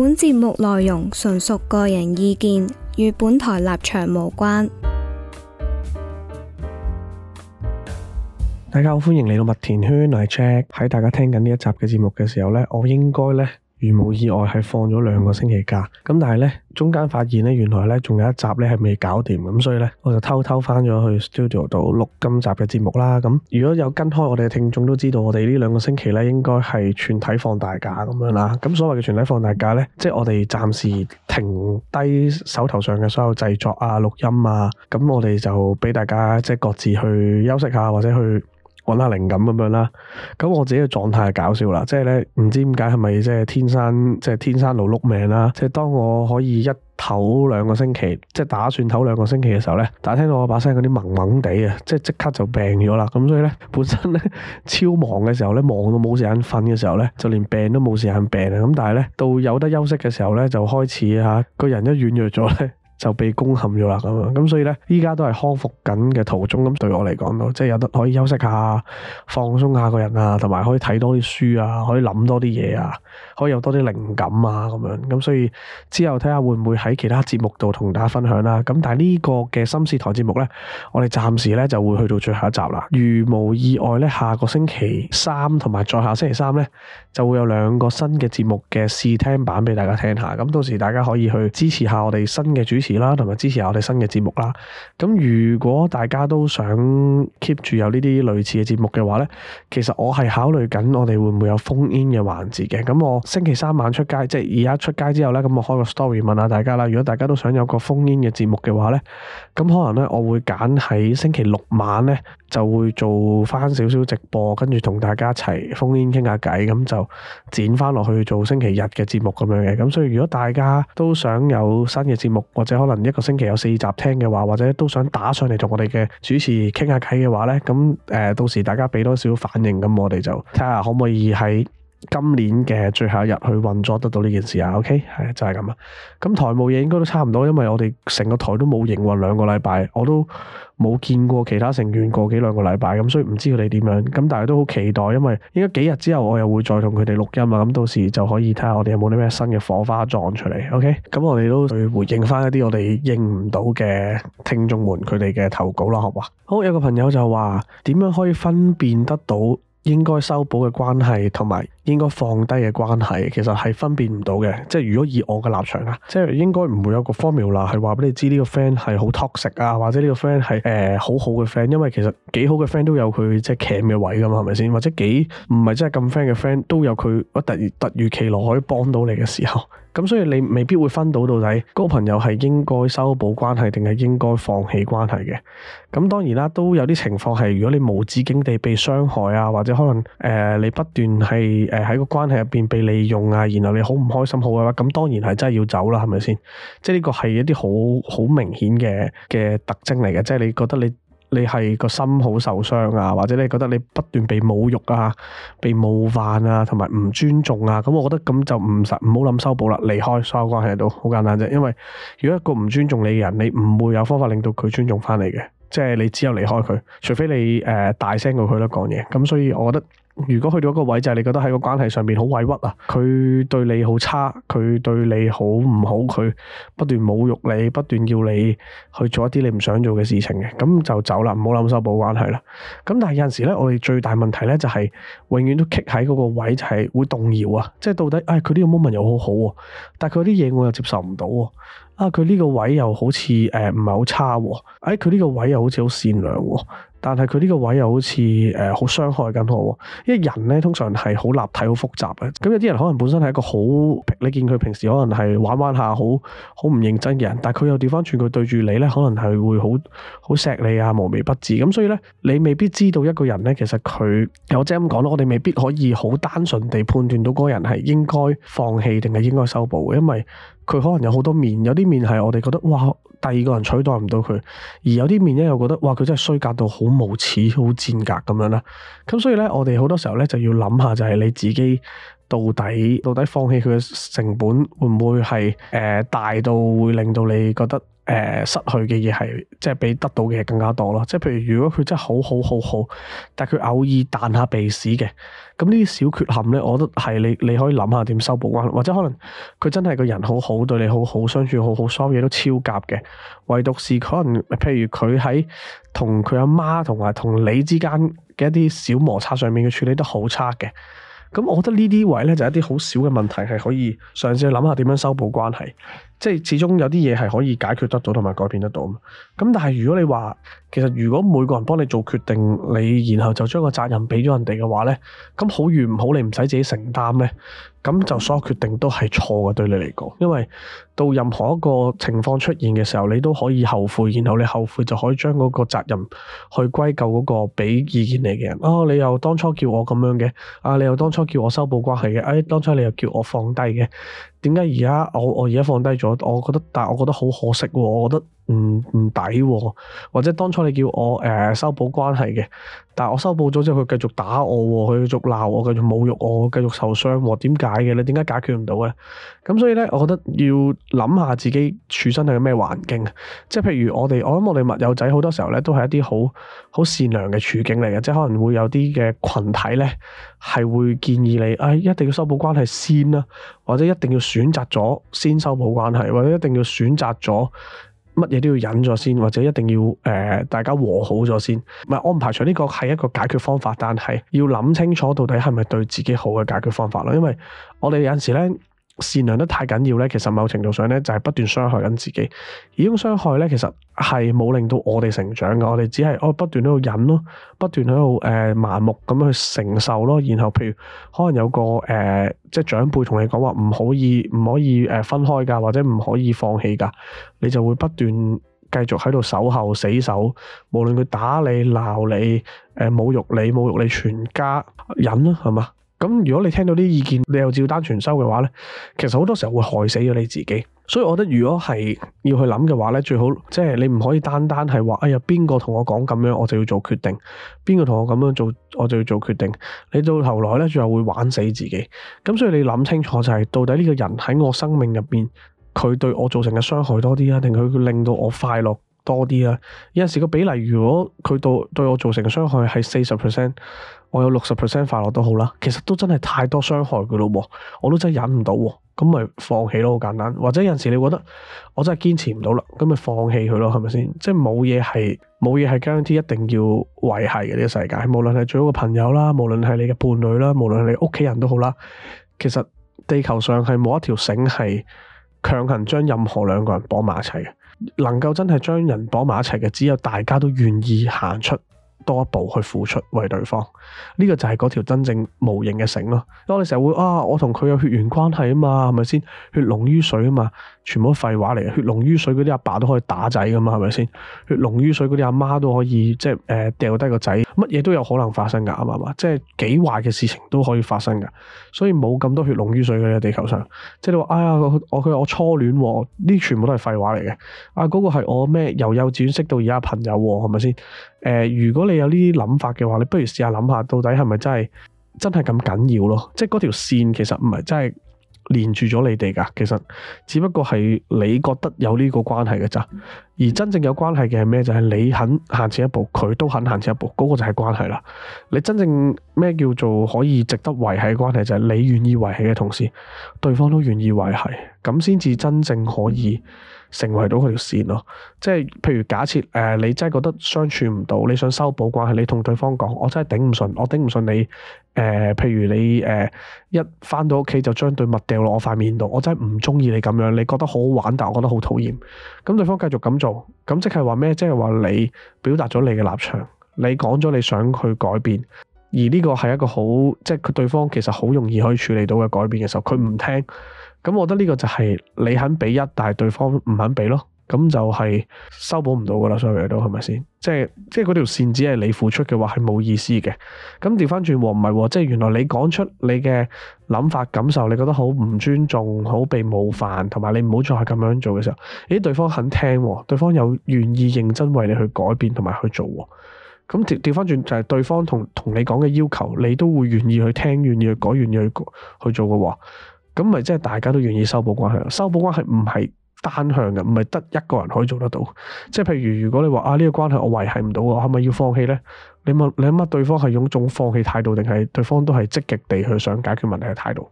本節目內容純屬個人意見，與本台立場無關。大家好，歡迎嚟到麥田圈，我係 Jack。喺大家聽緊呢一集嘅節目嘅時候呢，我應該呢。如冇意外係放咗兩個星期假，咁但係呢，中間發現呢，原來呢仲有一集呢係未搞掂，咁所以呢，我就偷偷返咗去 studio 度錄今集嘅節目啦。咁如果有跟開我哋嘅聽眾都知道，我哋呢兩個星期呢應該係全體放大假咁樣啦。咁所謂嘅全體放大假呢，即係我哋暫時停低手頭上嘅所有製作啊、錄音啊，咁我哋就俾大家即係各自去休息下，或者去，揾下靈感咁樣啦，咁我自己嘅狀態係搞笑啦，即係咧，唔知點解係咪即係天生即係、就是、天生勞碌命啦、啊，即係當我可以一唞兩個星期，即、就、係、是、打算唞兩個星期嘅時候咧，大家聽到我把聲嗰啲朦朦地啊，即係即刻就病咗啦。咁所以咧，本身咧超忙嘅時候咧，忙到冇時間瞓嘅時候咧，就連病都冇時間病啊。咁但係咧，到有得休息嘅時候咧，就開始吓個人一軟弱咗咧。就被攻陷咗啦，咁啊，咁所以呢，依家都係康復緊嘅途中，咁對我嚟講都即係有得可以休息下、放鬆下個人啊，同埋可以睇多啲書啊，可以諗多啲嘢啊，可以有多啲靈感啊，咁樣，咁所以之後睇下會唔會喺其他節目度同大家分享啦。咁但係呢個嘅心事台節目呢，我哋暫時呢就會去到最後一集啦。如無意外呢，下個星期三同埋再下星期三呢，就會有兩個新嘅節目嘅試聽版俾大家聽下。咁到時大家可以去支持下我哋新嘅主持。啦，同埋支持下我哋新嘅節目啦。咁如果大家都想 keep 住有呢啲類似嘅節目嘅話咧，其實我係考慮緊我哋會唔會有 phone in 嘅環節嘅。咁我星期三晚出街，即係而家出街之後咧，咁我開個 story 問下大家啦。如果大家都想有個 phone in 嘅節目嘅話咧，咁可能咧我會揀喺星期六晚咧就會做翻少少直播，跟住同大家一齊 phone in 傾下偈，咁就剪翻落去做星期日嘅節目咁樣嘅。咁所以如果大家都想有新嘅節目或者，可能一個星期有四集聽嘅話，或者都想打上嚟同我哋嘅主持傾下偈嘅話呢，咁誒到時大家俾多少反應咁，我哋就睇下可唔可以喺。今年嘅最後一日去運作得到呢件事啊，OK，係就係咁啊。咁台務嘢應該都差唔多，因為我哋成個台都冇營運兩個禮拜，我都冇見過其他成員過幾兩個，個幾兩個禮拜咁，所以唔知佢哋點樣。咁但係都好期待，因為應該幾日之後我又會再同佢哋錄音啊。咁到時就可以睇下我哋有冇啲咩新嘅火花撞出嚟。OK，咁我哋都去回應翻一啲我哋認唔到嘅聽眾們佢哋嘅投稿啦，吓哇。好，有個朋友就話點樣可以分辨得到？應該修補嘅關係同埋應該放低嘅關係，其實係分辨唔到嘅。即係如果以我嘅立場啊，即係應該唔會有個 formula 係話俾你知呢個 friend 係好 toxic 啊，或者呢個 friend 係誒好好嘅 friend。因為其實幾好嘅 friend 都有佢即係 can 嘅位㗎嘛，係咪先？或者幾唔係真係咁 friend 嘅 friend 都有佢一突然突如其來可以幫到你嘅時候。咁所以你未必會分到到底，嗰個朋友係應該修補關係，定係應該放棄關係嘅？咁當然啦，都有啲情況係，如果你無止境地被傷害啊，或者可能誒、呃、你不斷係誒喺個關係入邊被利用啊，然後你好唔開心好嘅話，咁當然係真係要走啦，係咪先？即係呢個係一啲好好明顯嘅嘅特徵嚟嘅，即係你覺得你。你係個心好受傷啊，或者你覺得你不斷被侮辱啊、被冒犯啊、同埋唔尊重啊，咁我覺得咁就唔實唔好諗修補啦，離開所有關係都好簡單啫。因為如果一個唔尊重你嘅人，你唔會有方法令到佢尊重翻你嘅，即係你只有離開佢，除非你誒大聲過佢咯講嘢。咁所以我覺得。如果去到一個位，就係、是、你覺得喺個關係上面好委屈啊，佢對你好差，佢對你好唔好，佢不斷侮辱你，不斷要你去做一啲你唔想做嘅事情嘅，咁就走啦，唔好諗修補關係啦。咁但係有陣時咧，我哋最大問題咧就係永遠都喺嗰個位，就係、是、會動搖啊。即係到底，唉、哎，佢呢個 moment 又好好喎，但係佢啲嘢我又接受唔到喎。啊，佢呢個位又好似誒唔係好差喎，唉、哎，佢呢個位又好似好善良喎。但係佢呢個位又好似誒好傷害緊我，因為人呢通常係好立體、好複雜嘅。咁有啲人可能本身係一個好，你見佢平時可能係玩玩下，好好唔認真嘅人，但係佢又調翻轉，佢對住你呢可能係會好好錫你啊，無微不至。咁所以呢，你未必知道一個人呢，其實佢有即咁講咯，我哋未必可以好單純地判斷到嗰個人係應該放棄定係應該修補嘅，因為。佢可能有好多面，有啲面係我哋覺得哇，第二個人取代唔到佢，而有啲面咧又覺得哇，佢真係衰格到好無恥、好賤格咁樣啦。咁所以咧，我哋好多時候咧就要諗下，就係你自己到底到底放棄佢嘅成本會唔會係誒、呃、大到會令到你覺得誒、呃、失去嘅嘢係即係比得到嘅更加多咯，即係譬如如果佢真係好好好好，但係佢偶爾彈下鼻屎嘅，咁呢啲小缺陷咧，我覺得係你你可以諗下點修補關係，或者可能佢真係個人好好，對你好好，相處好好，所有嘢都超夾嘅，唯獨是可能譬如佢喺同佢阿媽同埋同你之間嘅一啲小摩擦上面嘅處理得好差嘅，咁我覺得呢啲位咧就係、一啲好少嘅問題係可以嘗試諗下點樣修補關係。即係始終有啲嘢係可以解決得到同埋改變得到啊，咁但係如果你話其實如果每個人幫你做決定，你然後就將個責任俾咗人哋嘅話呢，咁好與唔好，你唔使自己承擔呢。咁就所有決定都係錯嘅對你嚟講，因為到任何一個情況出現嘅時候，你都可以後悔，然後你後悔就可以將嗰個責任去歸咎嗰個俾意見你嘅人。哦，你又當初叫我咁樣嘅，啊，你又當初叫我修補關係嘅，哎，啊，當初你又叫我放低嘅，點解而家我我而家放低咗？我覺得，但係我覺得好可惜喎，我覺得。唔唔抵喎，或者當初你叫我誒、呃、修補關係嘅，但係我修補咗之後，佢繼續打我，佢繼續鬧我，繼續侮辱我，我繼續受傷喎。點解嘅，你點解解決唔到咧？咁所以咧，我覺得要諗下自己處身係咩環境。即係譬如我哋，我諗我哋密友仔好多時候咧，都係一啲好好善良嘅處境嚟嘅。即係可能會有啲嘅群體咧，係會建議你，誒、哎、一定要修補關係先啦，或者一定要選擇咗先修補關係，或者一定要選擇咗。乜嘢都要忍咗先，或者一定要誒、呃、大家和好咗先，唔係，我唔排除呢個係一個解決方法，但係要諗清楚到底係咪對自己好嘅解決方法咯，因為我哋有陣時咧。善良得太緊要咧，其實某程度上咧就係不斷傷害緊自己，而種傷害咧其實係冇令到我哋成長嘅，我哋只係我不斷喺度忍咯，不斷喺度誒麻木咁去承受咯。然後譬如可能有個誒、呃、即係長輩同你講話唔可以唔可以誒分開㗎，或者唔可以放棄㗎，你就會不斷繼續喺度守候死守，無論佢打你鬧你誒、呃、侮辱你侮辱你全家忍咯，係嘛？咁如果你聽到啲意見，你又照單全收嘅話呢，其實好多時候會害死咗你自己。所以我覺得如果係要去諗嘅話呢，最好即係你唔可以單單係話，哎呀邊個同我講咁樣我就要做決定，邊個同我咁樣做我就要做決定。你到頭來呢，最後會玩死自己。咁所以你諗清楚就係到底呢個人喺我生命入邊，佢對我造成嘅傷害多啲啊，定佢令到我快樂多啲啊？有陣時個比例，如果佢對對我造成嘅傷害係四十 percent。我有六十 percent 快樂都好啦，其實都真係太多傷害佢咯，我都真係忍唔到，咁咪放棄咯，好簡單。或者有陣時你覺得我真係堅持唔到啦，咁咪放棄佢咯，係咪先？即係冇嘢係冇嘢係 guarantee 一定要維繫嘅呢個世界，無論係最好嘅朋友啦，無論係你嘅伴侶啦，無論係你屋企人都好啦，其實地球上係冇一條繩係強行將任何兩個人綁埋一齊嘅，能夠真係將人綁埋一齊嘅，只有大家都願意行出。多一步去付出為對方，呢、呢個就係嗰條真正無形嘅繩咯。我哋成日會啊，我同佢有血緣關係啊嘛，係咪先？血濃於水啊嘛，全部都廢話嚟嘅。血濃於水嗰啲阿爸都可以打仔噶嘛，係咪先？血濃於水嗰啲阿媽都可以即係誒掉低個仔，乜嘢都有可能發生噶，係嘛？即係幾壞嘅事情都可以發生噶，所以冇咁多血濃於水嘅地球上。即係你話哎呀，我佢我，我初戀呢、啊，全部都係廢話嚟嘅。啊，嗰、嗰個係我咩由幼稚園識到而家朋友、啊，係咪先？誒、呃，如果你有呢啲諗法嘅話，你不如試下諗下，到底係咪真係真係咁緊要咯？即係嗰條線其實唔係真係連住咗你哋㗎，其實只不過係你覺得有呢個關係嘅咋。而真正有關係嘅係咩？就係、是、你肯行前一步，佢都肯行前一步，嗰、那個就係關係啦。你真正咩叫做可以值得維係關係？就係、是、你願意維係嘅同時，對方都願意維係。咁先至真正可以。成為到佢條線咯，即係譬如假設誒、呃、你真係覺得相處唔到，你想修補關係，你同對方講：我真係頂唔順，我頂唔順你。誒、呃，譬如你誒、呃、一返到屋企就將對襪掉落我塊面度，我真係唔中意你咁樣。你覺得好好玩，但我覺得好討厭。咁對方繼續咁做，咁即係話咩？即係話你表達咗你嘅立場，你講咗你想去改變，而呢個係一個好即係對方其實好容易可以處理到嘅改變嘅時候，佢唔聽。咁我覺得呢個就係你肯俾一，但係對方唔肯俾咯，咁就係修補唔到噶啦，sorry 都係咪先？即係即係嗰條線只係你付出嘅話係冇意思嘅。咁調翻轉唔係喎，即係原來你講出你嘅諗法感受，你覺得好唔尊重，好被冒犯，同埋你唔好再係咁樣做嘅時候，咦？對方肯聽、哦，對方又願意認真為你去改變同埋去做喎、哦。咁調調翻轉就係、是、對方同同你講嘅要求，你都會願意去聽，願意去改，願意去去做嘅喎、哦。咁咪即係大家都願意修補關係咯？修補關係唔係單向嘅，唔係得一個人可以做得到。即係譬如，如果你話啊呢個關係我維繫唔到，我係咪要放棄呢？你問你諗乜？對方係用種放棄態度，定係對方都係積極地去想解決問題嘅態度？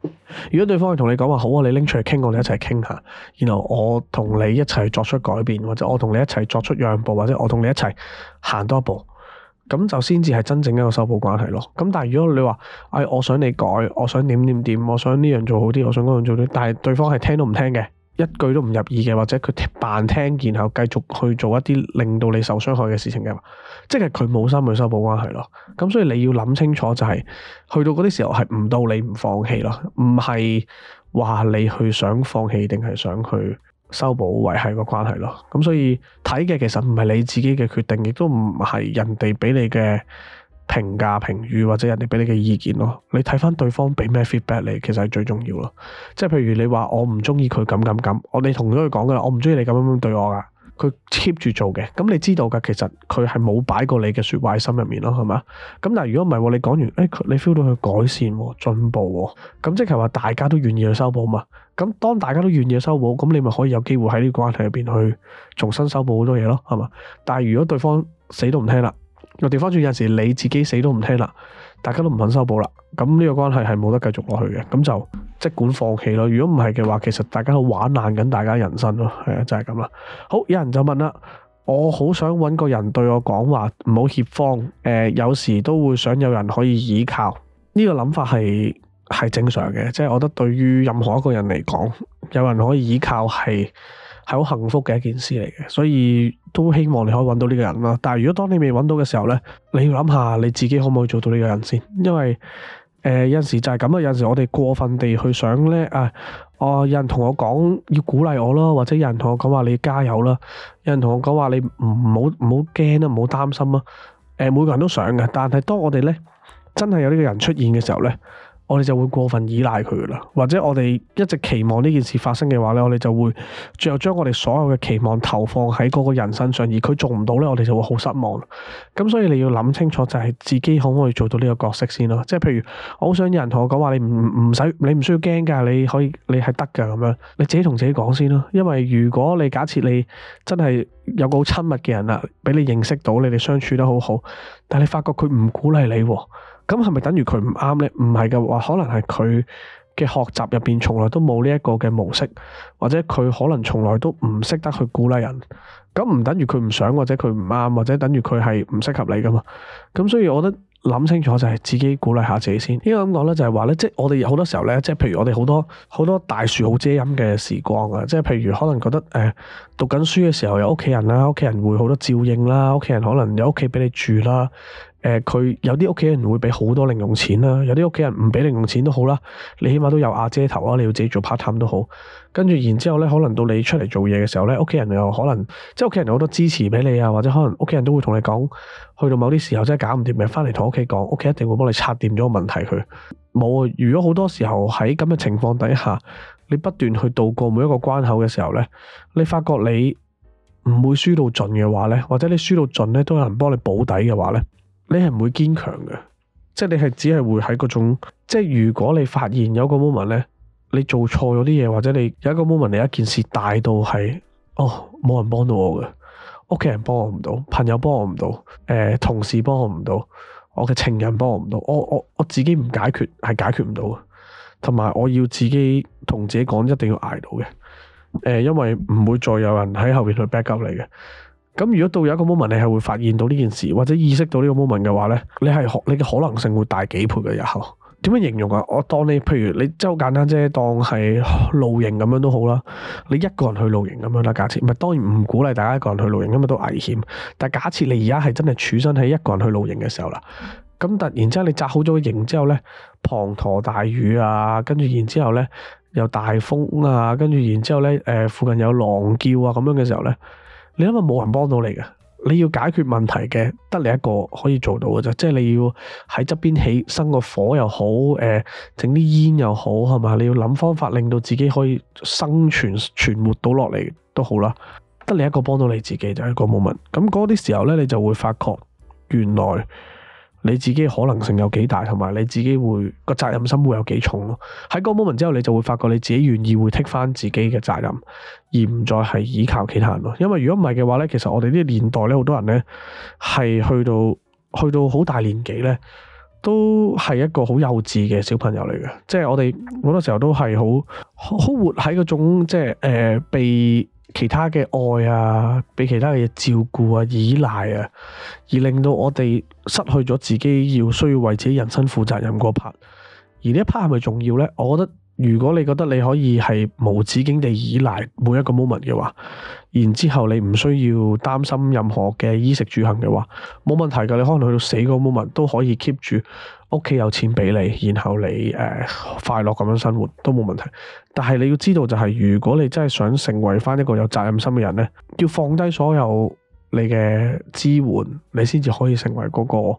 如果對方係同你講話好啊，你拎出嚟傾，我哋一齊傾下，然後我同你一齊作出改變，或者我同你一齊作出讓步，或者我同你一齊行多一步。咁就先至係真正一個修補關係咯。咁但係如果你話，誒、哎，我想你改，我想點點點，我想呢樣做好啲，我想嗰樣做啲，但係對方係聽都唔聽嘅，一句都唔入耳嘅，或者佢扮聽然後繼續去做一啲令到你受傷害嘅事情嘅話，即係佢冇心去修補關係咯。咁所以你要諗清楚就係、是，去到嗰啲時候係唔到你唔放棄咯，唔係話你去想放棄定係想去？修補維繫個關係咯，咁所以睇嘅其實唔係你自己嘅決定，亦都唔係人哋俾你嘅評價評語或者人哋俾你嘅意見咯。你睇翻對方俾咩 feedback 你，其實係最重要咯。即係譬如你話我唔中意佢咁咁咁，我你同咗佢講嘅，我唔中意你咁樣咁樣對我噶，佢 keep 住做嘅，咁你知道噶，其實佢係冇擺過你嘅說話喺心入面咯，係嘛？咁但係如果唔係，你講完，誒、哎，你 feel 到佢改善進步喎，咁即係話大家都願意去修補嘛？咁當大家都願意修補，咁你咪可以有機會喺呢個關係入邊去重新修補好多嘢咯，係嘛？但係如果對方死都唔聽啦，又調翻轉有陣時你自己死都唔聽啦，大家都唔肯修補啦，咁呢個關係係冇得繼續落去嘅，咁就即管放棄咯。如果唔係嘅話，其實大家都玩爛緊大家人生咯，係啊，就係咁啦。好，有人就問啦，我好想搵個人對我講話，唔好怯方。誒、呃，有時都會想有人可以倚靠，呢、這個諗法係。係正常嘅，即係我覺得對於任何一個人嚟講，有人可以依靠係係好幸福嘅一件事嚟嘅，所以都希望你可以揾到呢個人啦。但係如果當你未揾到嘅時候呢，你要諗下你自己可唔可以做到呢個人先，因為有陣時就係咁啊，有陣時，有時我哋過分地去想呢，呃「啊，呃，哦有人同我講要鼓勵我咯，或者有人同我講話你要加油啦，有人同我講話你唔好唔好驚啊，唔好擔心啊，呃，每個人都想嘅，但係當我哋呢真係有呢個人出現嘅時候呢。我哋就會過分依賴佢啦，或者我哋一直期望呢件事發生嘅話呢，我哋就會最後將我哋所有嘅期望投放喺嗰個人身上，而佢做唔到呢，我哋就會好失望。咁所以你要諗清楚，就係自己可唔可以做到呢個角色先咯。即係譬如，我好想有人同我講話，你唔唔使你唔需要驚㗎，你可以你係得㗎咁樣，你自己同自己講先咯。因為如果你假設你真係有個好親密嘅人啦，俾你認識到，你哋相處得好好，但係你發覺佢唔鼓勵你喎。咁係咪等於佢唔啱呢？唔係噶，話可能係佢嘅學習入邊從來都冇呢一個嘅模式，或者佢可能從來都唔識得去鼓勵人。咁唔等於佢唔想，或者佢唔啱，或者等於佢係唔適合你噶嘛？咁所以我覺得諗清楚就係自己鼓勵下自己先。呢個點講呢就係話呢，即係我哋好多時候呢，即係譬如我哋好多好多大樹好遮蔭嘅時光啊！即係譬如可能覺得誒、呃，讀緊書嘅時候有屋企人啦，屋企人會好多照應啦，屋企人可能有屋企俾你住啦。誒，佢、呃、有啲屋企人會俾好多零用錢啦，有啲屋企人唔俾零用錢都好啦。你起碼都有阿姐頭啊。你要自己做 part time 都好，跟住然之後咧，可能到你出嚟做嘢嘅時候咧，屋企人又可能即係屋企人好多支持俾你啊，或者可能屋企人都會同你講，去到某啲時候真係搞唔掂嘅，翻嚟同屋企講，屋企一定會幫你拆掂咗個問題。佢冇啊。如果好多時候喺咁嘅情況底下，你不斷去度過每一個關口嘅時候咧，你發覺你唔會輸到盡嘅話咧，或者你輸到盡咧都有人幫你補底嘅話咧。你係唔會堅強嘅，即係你係只係會喺嗰種，即係如果你發現有個 moment 呢，你做錯咗啲嘢，或者你有一個 moment，你一件事大到係，哦，冇人幫到我嘅，屋企人幫我唔到，朋友幫我唔到，誒，同事幫我唔到，我嘅情人幫我唔到，我我我自己唔解決係解決唔到，同埋我要自己同自己講，一定要捱到嘅，因為唔會再有人喺後邊去 back up 你嘅。咁如果到有一個 moment 你係會發現到呢件事，或者意識到呢個 moment 嘅話呢，你係可你嘅可能性會大幾倍嘅日後。點樣形容啊？我當你譬如你即係好簡單啫，當係露營咁樣都好啦。你一個人去露營咁樣啦，假設唔係，當然唔鼓勵大家一個人去露營，咁啊都危險。但假設你而家係真係處身喺一個人去露營嘅時候啦，咁突然之間你紮好咗個營之後呢，滂沱大雨啊，跟住然之後呢又大風啊，跟住然之後呢誒，附近有狼叫啊咁樣嘅時候呢。你因為冇人幫到你嘅，你要解決問題嘅，得你一個可以做到嘅啫，即係你要喺側邊起生個火又好，誒、呃，整啲煙又好，係咪？你要諗方法令到自己可以生存存活到落嚟都好啦，得你一個幫到你自己就係、一個 moment。咁嗰啲時候呢，你就會發覺原來，你自己可能性有幾大，同埋你自己會個責任心會有幾重咯。喺個 moment 之後，你就會發覺你自己願意會剔翻自己嘅責任，而唔再係依靠其他人咯。因為如果唔係嘅話咧，其實我哋呢個年代咧，好多人咧係去到去到好大年紀咧，都係一個好幼稚嘅小朋友嚟嘅。即係我哋好多時候都係好好活喺嗰種即係誒被。其他嘅愛啊，畀其他嘅嘢照顧啊、依賴啊，而令到我哋失去咗自己要需要為自己人生負責任嗰 part。而呢 part 係咪重要咧？我覺得。如果你覺得你可以係無止境地依賴每一個 moment 嘅話，然之後你唔需要擔心任何嘅衣食住行嘅話，冇問題噶。你可能去到死嗰 moment 都可以 keep 住屋企有錢俾你，然後你誒快樂咁樣生活都冇問題。但係你要知道就係，如果你真係想成為翻一個有責任心嘅人呢，要放低所有你嘅支援，你先至可以成為嗰個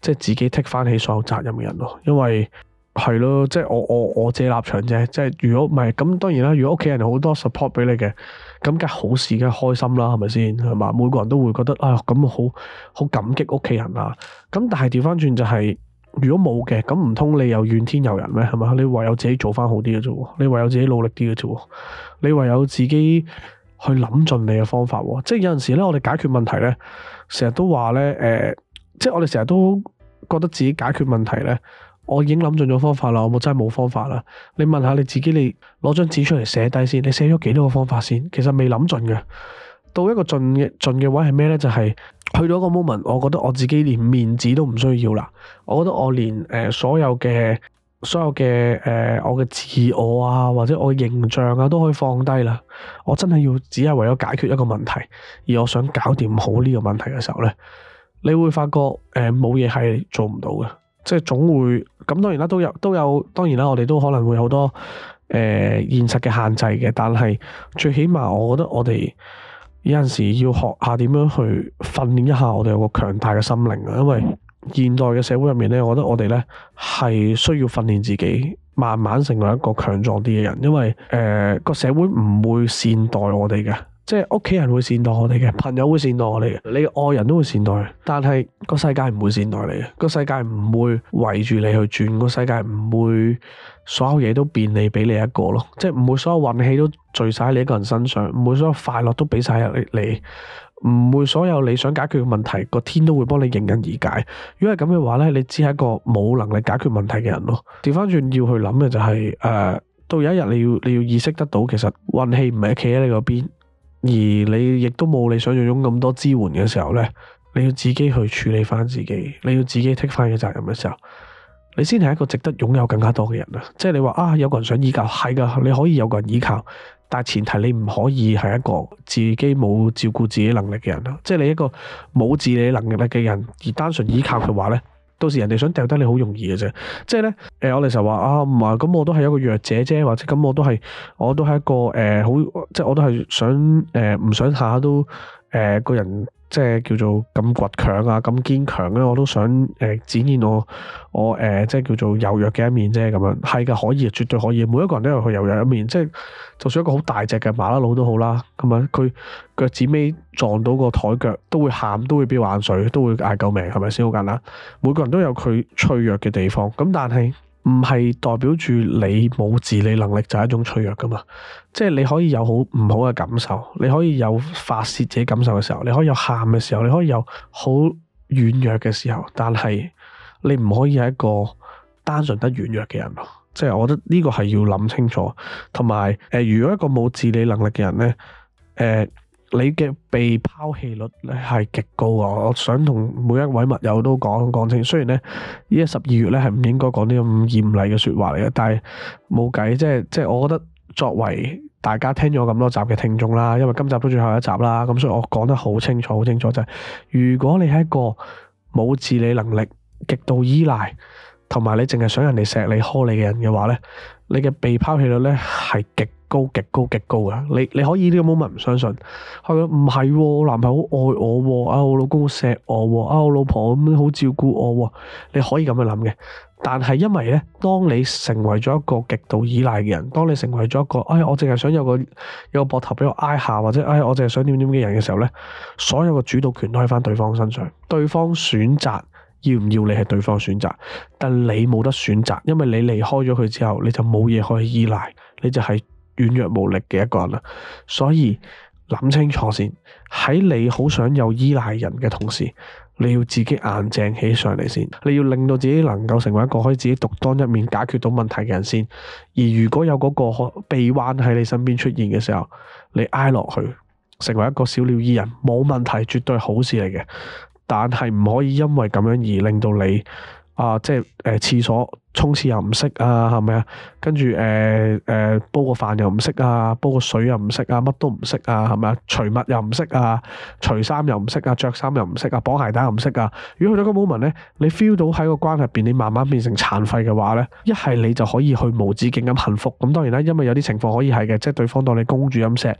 即係自己 take 翻起所有責任嘅人咯，因為。係咯，即係我我我自己立場啫，即係如果唔係咁，當然啦。如果屋企人好多 support 俾你嘅，咁梗係好事，梗係開心啦，係咪先？係嘛，每個人都會覺得啊，咁好好感激屋企人啦。咁但係調翻轉就係、是，如果冇嘅，咁唔通你又怨天尤人咩？係嘛，你唯有自己做翻好啲嘅啫，你唯有自己努力啲嘅啫，你唯有自己去諗盡你嘅方法。即係有陣時咧，我哋解決問題咧，成日都話咧，誒、呃，即係我哋成日都覺得自己解決問題咧。我已經諗盡咗方法啦，我冇真係冇方法啦。你問下你自己，你攞張紙出嚟寫低先，你寫咗幾多個方法先？其實未諗盡嘅。到一個盡嘅盡嘅位係咩呢？就係、是、去到一個 moment，我覺得我自己連面子都唔需要啦。我覺得我連誒、呃、所有嘅所有嘅誒、呃、我嘅自我啊，或者我嘅形象啊，都可以放低啦。我真係要只係為咗解決一個問題，而我想搞掂好呢個問題嘅時候呢，你會發覺誒冇嘢係做唔到嘅，即係總會。咁當然啦，都有都有，當然啦，我哋都可能會有好多誒、呃、現實嘅限制嘅。但係最起碼，我覺得我哋有陣時要學下點樣去訓練一下我哋有個強大嘅心靈啊。因為現代嘅社會入面咧，我覺得我哋咧係需要訓練自己，慢慢成為一個強壯啲嘅人。因為誒個、呃、社會唔會善待我哋嘅。即係屋企人會善待我哋嘅，朋友會善待我哋嘅，你愛人都會善待，但係個世界唔會善待你嘅，個世界唔會圍住你去轉，個世界唔會所有嘢都便利俾你一個咯，即係唔會所有運氣都聚晒喺你一個人身上，唔會所有快樂都俾晒喺你，唔會所有你想解決嘅問題個天都會幫你迎刃而解。如果係咁嘅話呢，你只係一個冇能力解決問題嘅人咯。調翻轉要去諗嘅就係、是、誒、呃，到有一日你要你要意識得到，其實運氣唔係企喺你嗰邊。而你亦都冇你想要用咁多支援嘅時候呢，你要自己去處理翻自己，你要自己剔翻嘅責任嘅時候，你先係一個值得擁有更加多嘅人啊！即係你話啊，有個人想依靠係噶，你可以有個人依靠，但係前提你唔可以係一個自己冇照顧自己能力嘅人啊！即係你一個冇自理能力嘅人而單純依靠嘅話呢。到時人哋想掉低你好容易嘅啫，即係咧，誒，我哋就話啊，唔係，咁我都係一個弱者啫，或者咁我都係，我都係一個，誒、呃，好，即係我都係想，誒、呃，唔想下都。誒、呃，個人即係叫做咁倔強啊，咁堅強咧，我都想誒、呃、展現我我誒、呃、即係叫做柔弱嘅一面啫，咁樣係噶可以，絕對可以。每一個人都有佢柔弱一面，即係就算一個大隻好大隻嘅馬拉佬都好啦，咁樣佢腳趾尾撞到個檯腳都會喊，都會飆眼水，都會嗌救命，係咪先好簡單？每個人都有佢脆弱嘅地方，咁但係。唔係代表住你冇自理能力就係一種脆弱噶嘛，即係你可以有好唔好嘅感受，你可以有發泄自己感受嘅時候，你可以有喊嘅時候，你可以有好軟弱嘅時候，但係你唔可以係一個單純得軟弱嘅人咯，即係我覺得呢個係要諗清楚，同埋誒，如果一個冇自理能力嘅人呢。誒、呃。你嘅被拋棄率咧係極高啊！我想同每一位密友都講講清。雖然咧而家十二月咧係唔應該講啲咁嚴厲嘅說話嚟嘅，但係冇計。即係即係，我覺得作為大家聽咗咁多集嘅聽眾啦，因為今集都最後一集啦，咁所以我講得好清楚，好清楚就係、是，如果你係一個冇自理能力、極度依賴。同埋你淨係想人哋錫你、呵你嘅人嘅話呢，你嘅被拋棄率呢係極高、極高、極高嘅。你你可以呢個 moment 唔相信？係啊，唔係我男朋友好愛我啊，啊我老公好錫我啊，啊我老婆咁好照顧我、啊，你可以咁樣諗嘅。但係因為呢，當你成為咗一個極度依賴嘅人，當你成為咗一個唉、哎、我淨係想有個有個膊頭俾我挨下，或者唉、哎、我淨係想點點嘅人嘅時候呢，所有嘅主導權都喺翻對方身上，對方選擇。要唔要你係，對方選擇，但你冇得選擇，因為你離開咗佢之後，你就冇嘢，可以依賴，你就係軟弱無力嘅一個人啦。所以諗清楚先，喺你好想有依賴人嘅同時，你要自己硬正起上嚟先，你要令到自己能夠成為一個可以自己獨當一面解決到問題嘅人先。而如果有嗰個臂彎喺你身邊出現嘅時候，你挨落去成為一個小鳥依人，冇問題，絕對係好事嚟嘅。但係唔可以因為咁樣而令到你。啊，即係誒，呃、廁所沖廁又唔識啊，係咪啊？跟住誒誒，煲個飯又唔識啊，煲個水又唔識啊，乜都唔識啊，係咪啊？除襪又唔識啊，除衫又唔識啊，着衫又唔識啊，綁鞋帶又唔識啊。如果去咗個 moment 咧，你 feel 到喺個關係入邊，你慢慢變成殘廢嘅話呢，一係你就可以去無止境咁幸福。咁當然啦，因為有啲情況可以係嘅，即係對方當你公主咁錫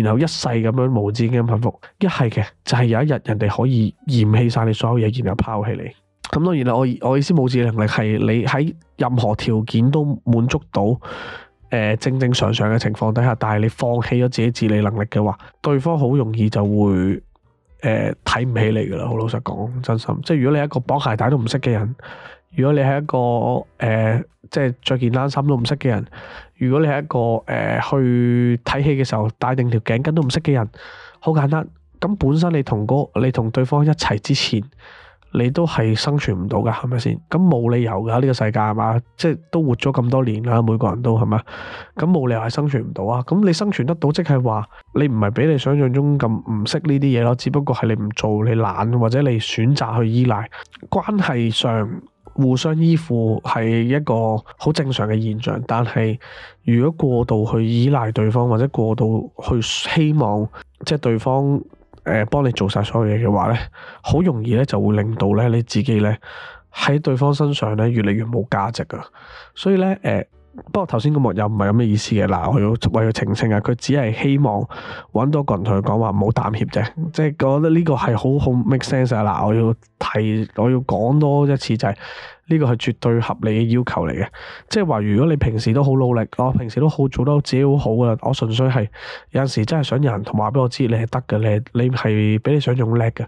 然後一世咁樣無止境咁幸福。一係嘅就係有一日人哋可以嫌棄晒你所有嘢，然後拋棄你。咁當然啦，我我意思冇自理能力係你喺任何條件都滿足到誒、呃、正正常常嘅情況底下，但係你放棄咗自己自理能力嘅話，對方好容易就會誒睇唔起你噶啦。好老實講，真心即係如果你係一個綁鞋帶都唔識嘅人，如果你係一個誒、呃、即係著件冷衫都唔識嘅人，如果你係一個誒、呃、去睇戲嘅時候戴定條頸巾都唔識嘅人，好簡單。咁本身你同嗰、那個、你同對方一齊之前，你都係生存唔到噶，係咪先？咁冇理由噶呢個世界係嘛？即係都活咗咁多年啦，每個人都係嘛？咁冇理由係生存唔到啊！咁你生存得到，即係話你唔係比你想象中咁唔識呢啲嘢咯，只不過係你唔做，你懶或者你選擇去依賴。關係上互相依附係一個好正常嘅現象。但係如果過度去依賴對方，或者過度去希望即係、就是、對方。誒，幫你做晒所有嘢嘅話咧，好容易咧就會令到咧你自己咧喺對方身上咧越嚟越冇價值啊！所以咧，誒、呃，不過頭先個網友唔係咁嘅意思嘅，嗱，我要為佢澄清啊！佢只係希望搵多個人同佢講話唔好膽怯啫，即係我覺得呢個係好好 make sense 啊！嗱，我要提，我要講多一次就係、是。呢個係絕對合理嘅要求嚟嘅，即係話如果你平時都好努力我、哦、平時都好做得自己好好噶，我純粹係有陣時真係想有人同話俾我知你係得嘅，你你係比你想像中叻嘅。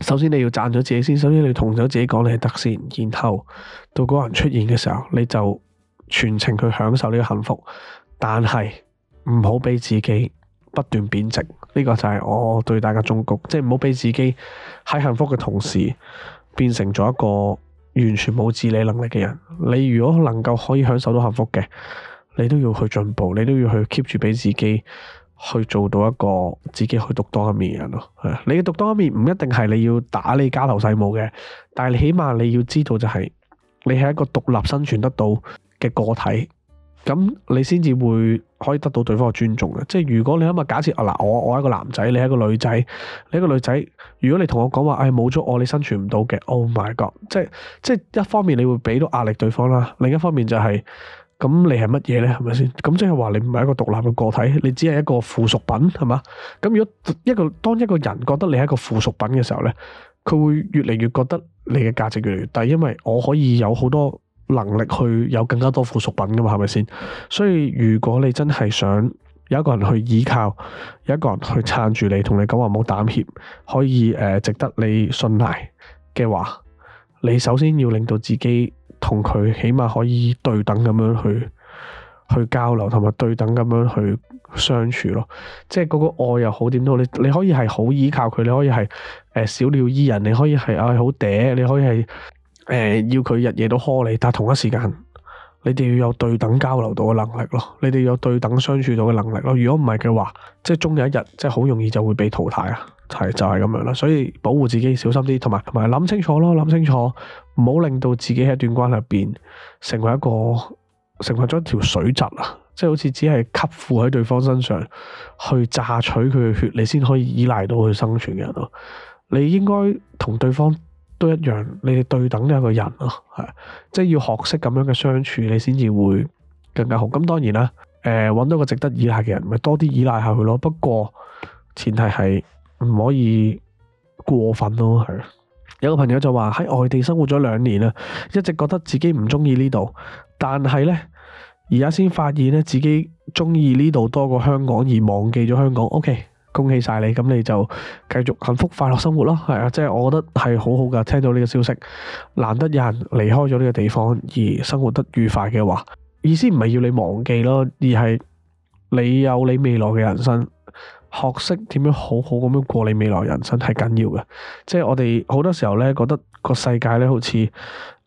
首先你要讚咗自己先，首先你要同咗自己講你係得先，然後到嗰個人出現嘅時候，你就全程去享受呢個幸福，但係唔好俾自己不斷貶值。呢、這個就係我對大家忠告，即係唔好俾自己喺幸福嘅同時變成咗一個。完全冇自理能力嘅人，你如果能夠可以享受到幸福嘅，你都要去進步，你都要去 keep 住俾自己去做到一個自己去獨當一面嘅人咯、嗯。你嘅獨當一面唔一定係你要打理家頭細務嘅，但係起碼你要知道就係、是、你係一個獨立生存得到嘅個體。咁你先至會可以得到對方嘅尊重嘅，即係如果你諗下，假設啊嗱，我我係一個男仔，你係一個女仔，你一個女仔，如果你同我講話，哎冇咗我你生存唔到嘅，Oh my god！即係即係一方面你會俾到壓力對方啦，另一方面就係、是、咁你係乜嘢咧？係咪先？咁即係話你唔係一個獨立嘅個體，你只係一個附屬品，係嘛？咁如果一個當一個人覺得你係一個附屬品嘅時候咧，佢會越嚟越覺得你嘅價值越嚟越低，因為我可以有好多。能力去有更加多附屬品噶嘛，係咪先？所以如果你真係想有一個人去依靠，有一個人去撐住你，同你講話唔好膽怯，可以誒、呃、值得你信賴嘅話，你首先要令到自己同佢起碼可以對等咁樣去去交流，同埋對等咁樣去相處咯。即係嗰個愛又好點都好，你你可以係好依靠佢，你可以係誒、呃、小鳥依人，你可以係啊好嗲，你可以係。要佢日夜都呵你，但同一時間，你哋要有對等交流到嘅能力咯，你哋要有對等相處到嘅能力咯。如果唔係嘅話，即係終有一日，即係好容易就會被淘汰啊！就係咁樣啦，所以保護自己小心啲，同埋同埋諗清楚咯，諗清楚，唔好令到自己喺一段關係入邊，成為一個，成為咗一條水蛭啊！即係好似只係吸附喺對方身上，去榨取佢嘅血，你先可以依賴到佢生存嘅人咯。你應該同對方。都一樣，你哋對等呢個人咯，即係要學識咁樣嘅相處，你先至會更加好。咁當然啦，誒、呃，揾到個值得依賴嘅人，咪多啲依賴下佢咯。不過前提係唔可以過分咯。係有個朋友就話喺外地生活咗兩年啦，一直覺得自己唔中意呢度，但係呢，而家先發現呢自己中意呢度多過香港，而忘記咗香港。OK。恭喜晒你，咁你就繼續幸福快樂生活咯，係啊，即係我覺得係好好㗎。聽到呢個消息，難得有人離開咗呢個地方而生活得愉快嘅話，意思唔係要你忘記咯，而係你有你未來嘅人生，學識點樣好好咁樣過你未來人生係緊要嘅。即係我哋好多時候呢，覺得個世界呢，好似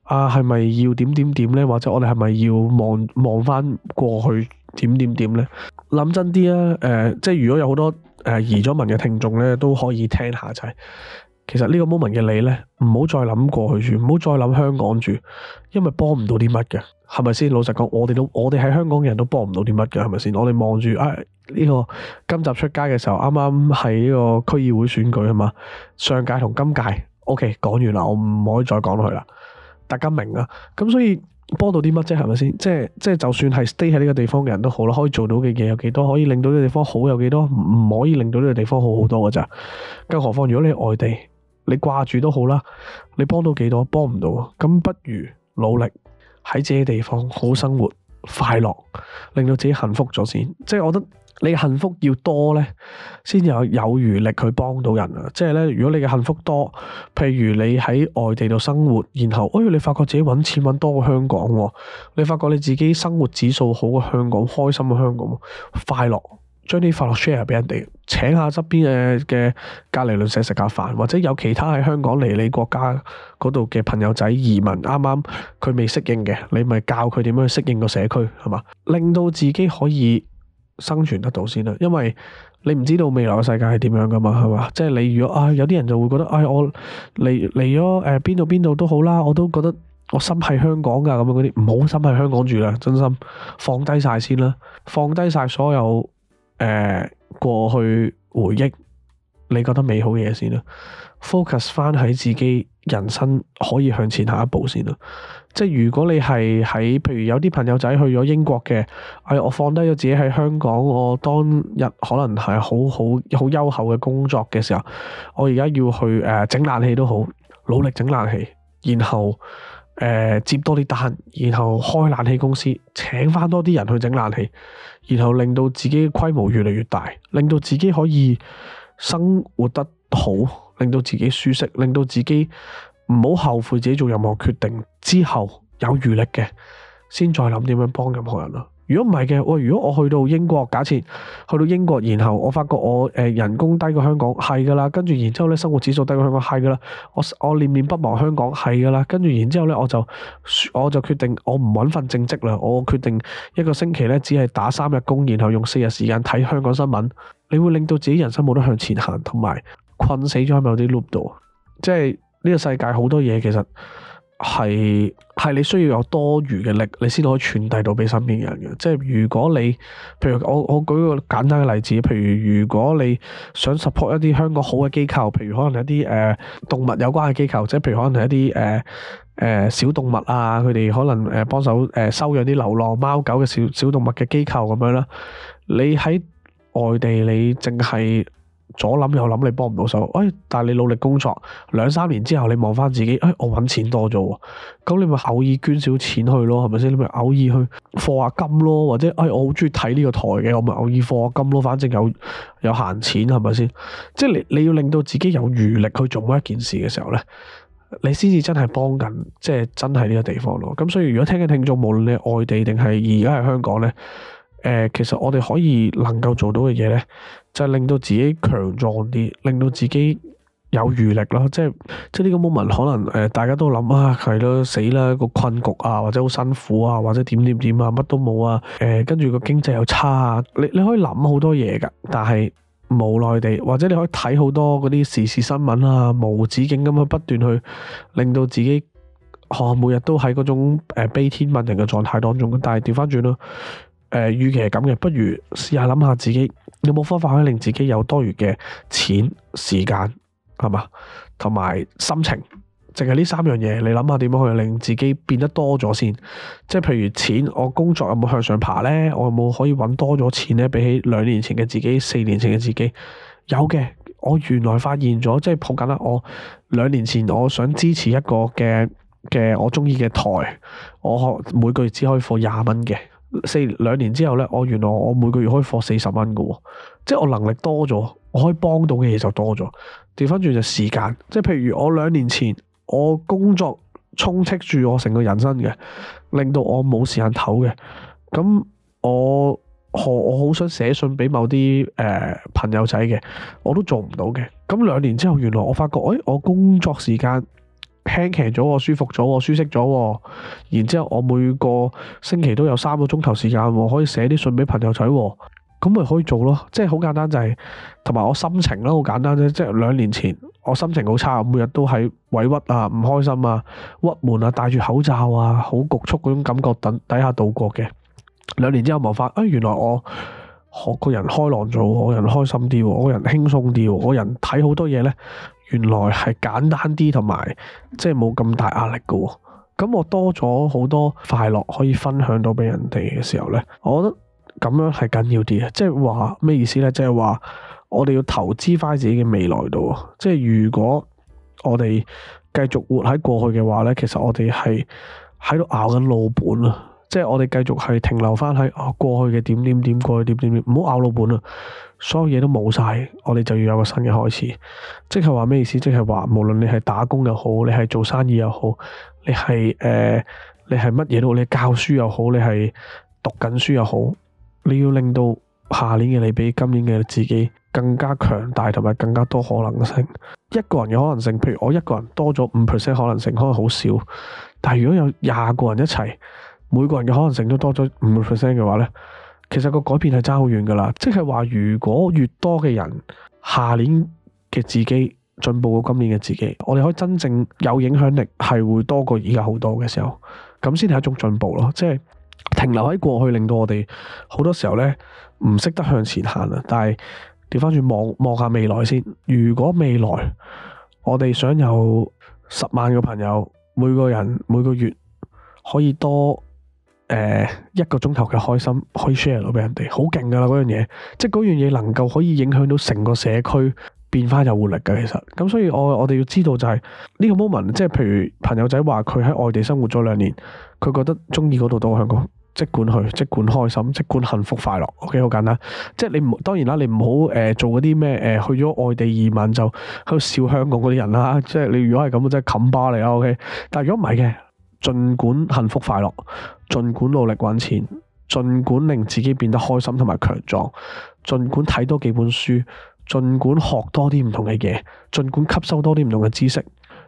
啊，係咪要點點點呢？或者我哋係咪要望望翻過去點點點呢？諗真啲啊，誒、呃，即係如果有好多。啊、移咗民嘅聽眾咧都可以聽下，就是，就係其實個呢個 moment 嘅你咧，唔好再諗過去住，唔好再諗香港住，因為幫唔到啲乜嘅，係咪先？老實講，我哋都我哋喺香港嘅人都幫唔到啲乜嘅，係咪先？我哋望住啊呢個今集出街嘅時候，啱啱係呢個區議會選舉啊嘛，上屆同今屆，OK，講完啦，我唔可以再講落去啦，大家明啦。咁所以。幫到啲乜啫，係咪先？即係即係，就算係 stay 喺呢個地方嘅人都好啦，可以做到嘅嘢有幾多，可以令到呢個地方好有幾多，唔可以令到呢個地方好好多㗎咋？更何況如果你喺外地，你掛住都好啦，你幫到幾多，幫唔到，咁不如努力喺自己地方好生活，快樂，令到自己幸福咗先。即係我覺得。你幸福要多呢，先有有餘力去幫到人啊！即係呢，如果你嘅幸福多，譬如你喺外地度生活，然後哎，你發覺自己揾錢揾多過香港，你發覺你自己生活指數好過香港，開心過香港，快樂，將啲快樂 share 俾人哋，請下側邊嘅嘅隔離鄰舍食下飯，或者有其他喺香港嚟你國家嗰度嘅朋友仔移民，啱啱佢未適應嘅，你咪教佢點樣去適應個社區，係嘛？令到自己可以。生存得到先啦，因為你唔知道未來嘅世界係點樣噶嘛，係嘛？即係你如果啊，有啲人就會覺得，唉、哎，我嚟嚟咗誒邊度邊度都好啦，我都覺得我心係香港噶咁樣嗰啲，唔好心係香港住啦，真心放低晒先啦，放低晒所有誒、呃、過去回憶，你覺得美好嘅嘢先啦。focus 翻喺自己人生可以向前下一步先啦。即係如果你係喺，譬如有啲朋友仔去咗英國嘅，係、哎、我放低咗自己喺香港，我當日可能係好好好優厚嘅工作嘅時候，我而家要去誒、呃、整冷氣都好，努力整冷氣，然後誒、呃、接多啲單，然後開冷氣公司，請翻多啲人去整冷氣，然後令到自己規模越嚟越大，令到自己可以生活得好。令到自己舒適，令到自己唔好後悔自己做任何決定之後有餘力嘅，先再諗點樣幫任何人咯。如果唔係嘅，喂，如果我去到英國，假設去到英國，然後我發覺我誒、呃、人工低過香港，係噶啦，跟住然之後咧生活指數低過香港，係噶啦，我我念念不忘香港，係噶啦，跟住然之後咧我就我就決定我唔揾份正職啦，我決定一個星期咧只係打三日工，然後用四日時間睇香港新聞，你會令到自己人生冇得向前行，同埋。困死咗喺咪有啲 loop 度，即係呢，這個世界好多嘢，其實係係你需要有多餘嘅力，你先可以傳遞到俾身邊人嘅。即係如果你，譬如我我舉個簡單嘅例子，譬如如果你想 support 一啲香港好嘅機構，譬如可能係一啲誒，呃、動物有關嘅機構，即係譬如可能係一啲誒誒，小動物啊，佢哋可能誒幫手誒收養啲流浪貓狗嘅小小動物嘅機構咁樣啦。你喺外地你，你淨係。左諗右諗，你幫唔到手。誒、哎，但係你努力工作兩三年之後，你望翻自己，誒、哎，我揾錢多咗，咁你咪偶爾捐少錢去咯，係咪先？你咪偶爾去課下金咯，或者誒、哎，我好中意睇呢個台嘅，我咪偶爾課下金咯。反正有有閒錢，係咪先？即係你你要令到自己有餘力去做每一件事嘅時候呢，你先至真係幫緊，即係真係呢個地方咯。咁所以如果聽嘅聽眾無論你係外地定係而家喺香港呢，誒、呃，其實我哋可以能夠做到嘅嘢呢，就令到自己強壯啲，令到自己有餘力咯。即係即係呢個 moment，可能誒、呃、大家都諗啊，係咯，死啦，個困局啊，或者好辛苦啊，或者點點點啊，乜都冇啊。誒跟住個經濟又差啊。你你可以諗好多嘢㗎，但係無奈地，或者你可以睇好多嗰啲時事新聞啊，無止境咁去不斷去令到自己，可、哦、能每日都喺嗰種、呃、悲天憫人嘅狀態當中。但係調翻轉咯！誒、呃，預期係咁嘅，不如試下諗下自己有冇方法可以令自己有多餘嘅錢、時間係嘛？同埋心情，淨係呢三樣嘢，你諗下點樣去令自己變得多咗先？即係譬如錢，我工作有冇向上爬呢？我有冇可以揾多咗錢呢？比起兩年前嘅自己、四年前嘅自己，有嘅。我原來發現咗，即係抱緊啦。我兩年前我想支持一個嘅嘅我中意嘅台，我每個月只可以放廿蚊嘅。四年兩年之後呢，我原來我每個月可以放四十蚊嘅喎，即係我能力多咗，我可以幫到嘅嘢就多咗。調翻轉就時間，即係譬如我兩年前我工作充斥住我成個人生嘅，令到我冇時間唞嘅。咁我何我好想寫信俾某啲誒、呃、朋友仔嘅，我都做唔到嘅。咁兩年之後，原來我發覺，誒、欸、我工作時間，輕騎咗我舒服咗我舒適咗，然之後我每個星期都有三個鐘頭時間，可以寫啲信俾朋友睇，咁咪可以做咯。即係好簡單就係同埋我心情啦，好簡單啫。即係兩年前我心情好差，每日都喺委屈啊、唔開心啊、鬱悶啊，戴住口罩啊，好局促嗰種感覺等底下度過嘅。兩年之後冇法，誒、哎，原來我我個人開朗咗，我個人開心啲，我個人輕鬆啲，我個人睇好多嘢，呢。原來係簡單啲，同埋即係冇咁大壓力嘅。咁、啊、我多咗好多快樂可以分享到俾人哋嘅時候呢，我覺得咁樣係緊要啲嘅。即係話咩意思呢？即係話我哋要投資翻自己嘅未來度。即係如果我哋繼續活喺過去嘅話呢，其實我哋係喺度咬緊老本啊！即係我哋繼續係停留翻喺過去嘅點點點，過去點點點，唔好咬老本啊！所有嘢都冇晒，我哋就要有個新嘅開始。即係話咩意思？即係話無論你係打工又好，你係做生意又好，你係誒、呃，你係乜嘢都好，你教書又好，你係讀緊書又好，你要令到下年嘅你比今年嘅自己更加強大，同埋更加多可能性。一個人嘅可能性，譬如我一個人多咗五 percent 可能性，可能好少，但係如果有廿個人一齊，每個人嘅可能性都多咗五 percent 嘅話呢。其實個改變係差好遠噶啦，即係話如果越多嘅人下年嘅自己進步過今年嘅自己，我哋可以真正有影響力係會多過而家好多嘅時候，咁先係一種進步咯。即係停留喺過去，令到我哋好多時候呢唔識得向前行啊！但係調翻轉望望下未來先，如果未來我哋想有十萬個朋友，每個人每個月可以多。誒、呃，一個鐘頭嘅開心可以 share 到俾人哋，好勁噶啦嗰樣嘢，即係嗰樣嘢能夠可以影響到成個社區變翻有活力嘅，其實咁所以我我哋要知道就係、是、呢、這個 moment，即係譬如朋友仔話佢喺外地生活咗兩年，佢覺得中意嗰度到香港，即管去，即管，管開心，即管幸福快樂，OK 好簡單，即係你唔當然啦，你唔好誒做嗰啲咩，誒去咗外地移民就喺度笑香港嗰啲人啦，即係你如果係咁即真係冚巴唥啦 OK，但係如果唔係嘅。儘管幸福快樂，儘管努力揾錢，儘管令自己變得開心同埋強壯，儘管睇多幾本書，儘管學多啲唔同嘅嘢，儘管吸收多啲唔同嘅知識，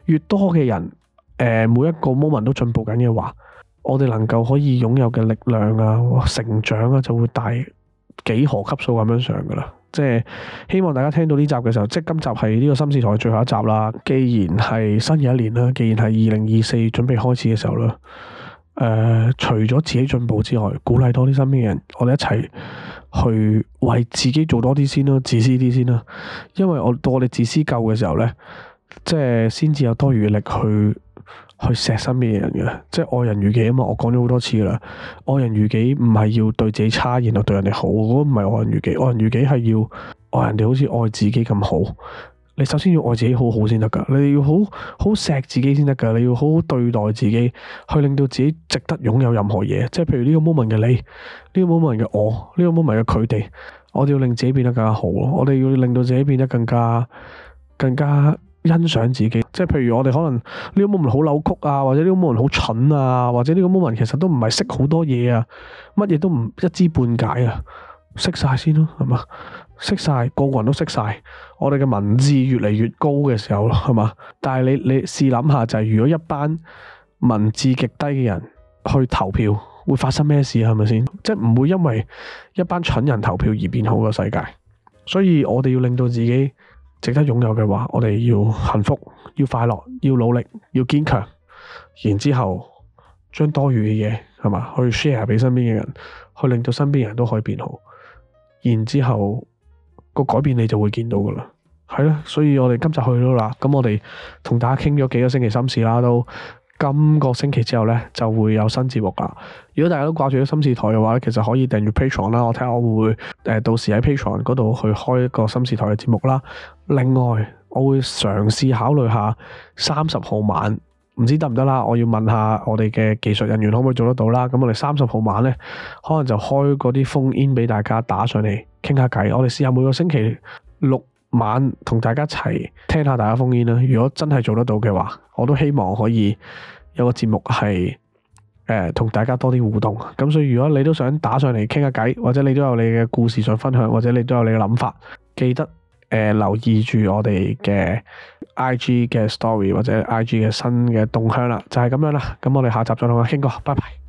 越多嘅人、呃，每一個 moment 都進步緊嘅話，我哋能夠可以擁有嘅力量啊，成長啊，就會大幾何級數咁樣上噶啦。即係希望大家聽到呢集嘅時候，即係今集係呢個心事台嘅最後一集啦。既然係新嘅一年啦，既然係二零二四準備開始嘅時候啦，誒、呃，除咗自己進步之外，鼓勵多啲身邊嘅人，我哋一齊去為自己做多啲先囉，自私啲先啦。因為我到我哋自私夠嘅時候咧，即係先至有多餘嘅力去。去錫身邊嘅人嘅，即係愛人如己啊嘛！我講咗好多次噶啦，愛人如己唔係要對自己差，然後對人哋好，嗰個唔係愛人如己。愛人如己係要愛人哋好似愛自己咁好。你首先要愛自己好好先得噶，你要好好錫自己先得噶，你要好好對待自己，去令到自己值得擁有任何嘢。即係譬如呢個 moment 嘅你，呢個 moment 嘅我，呢個 moment 嘅佢哋，我哋要令自己變得更加好咯。我哋要令到自己變得更加更加。欣賞自己，即係譬如我哋可能呢個 moment 好扭曲啊，或者呢個 moment 好蠢啊，或者呢個 moment 其實都唔係識好多嘢啊，乜嘢都唔一知半解啊，識晒先咯，係嘛？識晒個個人都識晒，我哋嘅文字越嚟越高嘅時候咯，係嘛？但係你你試諗下、就係，就係如果一班文字極低嘅人去投票，會發生咩事？係咪先？即係唔會因為一班蠢人投票而變好個世界，所以我哋要令到自己。值得擁有嘅話，我哋要幸福，要快樂，要努力，要堅強。然之後將多餘嘅嘢係嘛去 share 俾身邊嘅人，去令到身邊嘅人都可以變好。然之後個改變你就會見到噶啦，係咯。所以我哋今集去到啦，咁我哋同大家傾咗幾個星期心事啦都。今個星期之後呢，就會有新節目啦。如果大家都掛住咗心事台嘅話，其實可以訂閱 Patreon 啦。我睇下我會誒，到時喺 Patreon 嗰度去開一個心事台嘅節目啦。另外，我會嘗試考慮下三十號晚，唔知得唔得啦。我要問下我哋嘅技術人員可唔可以做得到啦。咁我哋三十號晚呢，可能就開嗰啲封煙俾大家打上嚟傾下偈。我哋試下每個星期六晚同大家一齊聽下大家封煙啦。如果真係做得到嘅話，我都希望可以。有個節目係誒、呃，同大家多啲互動，咁所以如果你都想打上嚟傾下偈，或者你都有你嘅故事想分享，或者你都有你嘅諗法，記得誒、呃、留意住我哋嘅 IG 嘅 Story 或者 IG 嘅新嘅動向啦，就係、是、咁樣啦。咁我哋下集再同你傾過，拜拜。